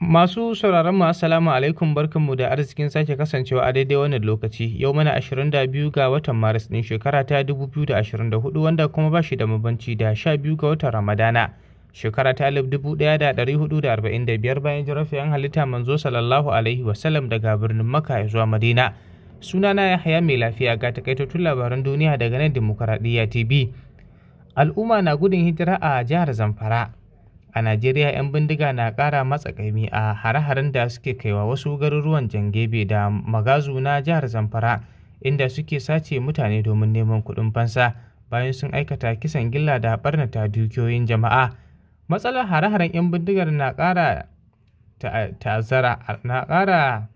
Masu sauraron mu assalamu alaikum barkanmu da arzikin sake kasancewa a daidai wannan lokaci yau mana 22 ga watan Maris din shekara ta 2024 wanda kuma ba shi da mabanci da 12 ga watan Ramadana shekara ta 1445 bayan jirafiyan halitta manzo sallallahu alaihi wasallam daga birnin Makka zuwa Madina. Sunana Yahaya mai lafiya ga takaitattun labaran duniya daga nan Dimokuraɗiyya TV. Al'umma na gudun hijira a jihar Zamfara. a najeriya 'yan bindiga na ƙara matsa a hare-haren da suke kaiwa wasu garuruwan jangebe da magazu na jihar zamfara inda suke sace mutane domin neman kuɗin fansa bayan sun aikata kisan gilla da barnata dukiyoyin jama'a matsalar hare-haren 'yan bindigar na ƙara ta'azzara na ƙara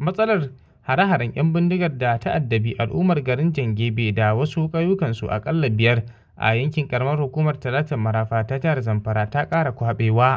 matsalar hare-haren 'yan bindigar da ta'addabi al'ummar garin jangebe da wasu ƙauyukansu aƙalla biyar a yankin karamar hukumar talatin marafa ta jihar zamfara ta kara kwabewa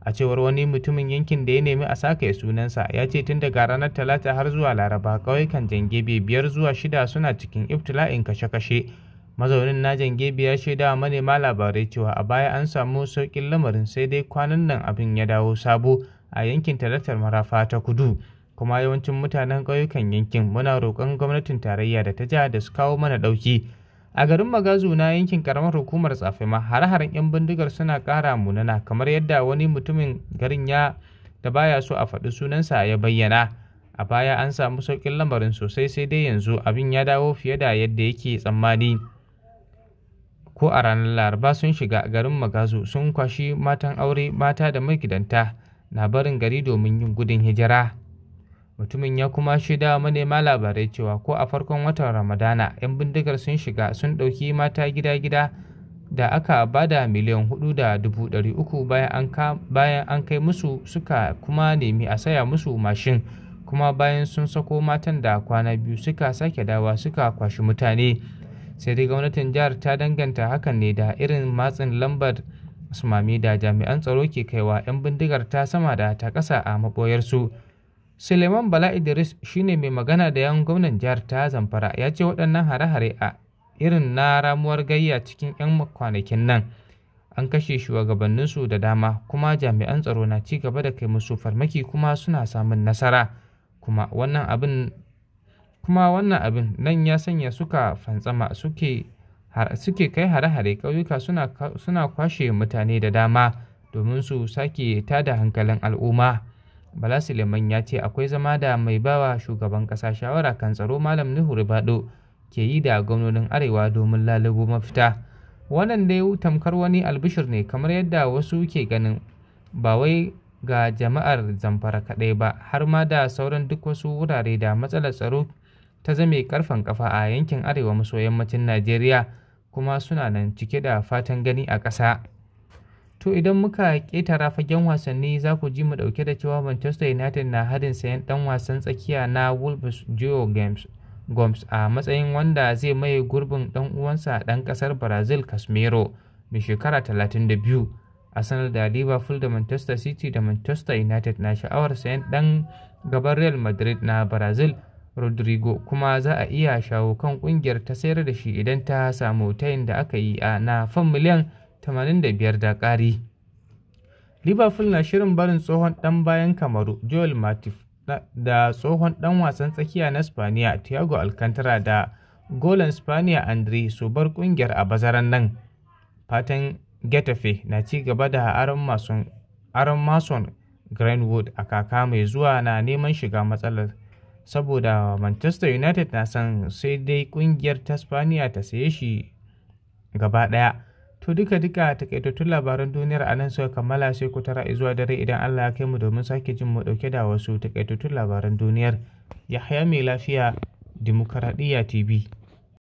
a cewar wani mutumin yankin da ya nemi a sake sunansa ya ce tun daga ranar talata har zuwa laraba ƙauyukan jangebe biyar zuwa shida suna cikin iftila'in kashe-kashe mazaunin na jangebe ya shaida wa manema labarai cewa a baya an samu saukin lamarin sai dai kwanan nan abin ya dawo sabo a yankin talatar marafa ta kudu kuma yawancin mutanen ƙauyukan yankin muna roƙon gwamnatin tarayya da ta jiha da su kawo mana ɗauki a garin magazu na yankin karamar hukumar tsafima hare-haren 'yan bindigar suna ƙara munana kamar yadda wani mutumin garin ya da baya so a faɗi sunansa ya bayyana a baya an samu sauƙin lamarin sosai sai dai yanzu abin ya dawo fiye da yadda yake tsammani ko a ranar laraba sun shiga garin magazu sun kwashi matan aure mata da magidanta na barin gari domin yin gudun hijira mutumin ya kuma shaida manema labarai cewa ko a farkon watan ramadana 'yan bindigar sun shiga sun ɗauki mata gida-gida da aka bada miliyan hudu da dubu ɗari uku bayan an kai musu suka kuma nemi a saya musu mashin kuma bayan sun sako matan da kwana biyu suka sake dawa suka kwashi mutane sai dai gwamnatin jihar ta danganta hakan ne da irin matsin lambar sumami da jami'an tsaro ke kaiwa 'yan bindigar ta sama da ta ƙasa a maɓoyarsu. suleiman bala idris shine mai magana da yan gwamnan jihar ta zamfara ya ce waɗannan hare-hare a irin na ramuwar gayya cikin 'yan kwanakin nan an kashe shugabanninsu da dama kuma jami'an tsaro na ci gaba da kai musu farmaki kuma suna samun nasara kuma wannan abin kuma wannan abin nan ya sanya suka fantsama suke suke kai hare-hare ƙauyuka suna, suna kwashe mutane da dama domin su sake tada hankalin al'umma Bala Suleiman ya ce akwai zama da mai bawa shugaban ƙasa shawara kan tsaro Malam Nuhu Ribado ke yi da gwamnonin Arewa domin lalubo mafita. Wannan dai tamkar wani albishir ne kamar yadda wasu ke ganin ba wai ga jama'ar Zamfara kaɗai ba har ma da sauran duk wasu wurare da matsalar tsaro ta zame karfan kafa a yankin arewa maso yammacin Najeriya kuma suna nan cike da fatan gani a ƙasa. To idan muka ƙeta rafagen wasanni za ku ji mu ɗauke da cewa Manchester United na harin sayan ɗan wasan tsakiya na Wolves Joe Games Gomes a matsayin wanda zai maye gurbin ɗan uwansa dan ƙasar Brazil Casemiro mai shekara 32. sanar da Liverpool da Manchester City da Manchester United na sha'awar sayan ɗan gaban Real Madrid na Brazil Rodrigo kuma za a iya shawo kan ƙungiyar ta sayar da shi idan ta samu tayin da aka yi a na fan miliyan 85 da ƙari. Liverpool na shirin barin tsohon ɗan bayan Kamaru Joel Matip da tsohon ɗan wasan tsakiya na Spaniya Thiago Alcantara da golan Spaniya Andre su bar ƙungiyar a bazaran nan. Fatan Getafe na ci gaba da aron mason, mason Greenwood a kaka mai zuwa na neman shiga matsalar saboda Manchester United na son sai dai kungiyar ta Spaniya ta saye shi gaba ɗaya. To duka duka a takaitattun labaran duniyar a nan suka kammala sai ku tara zuwa dare idan Allah ya kai mu domin sake jin mu dauke da wasu takaitattun labaran duniyar. Yahaya mai lafiya Dimokuraɗiyya TV.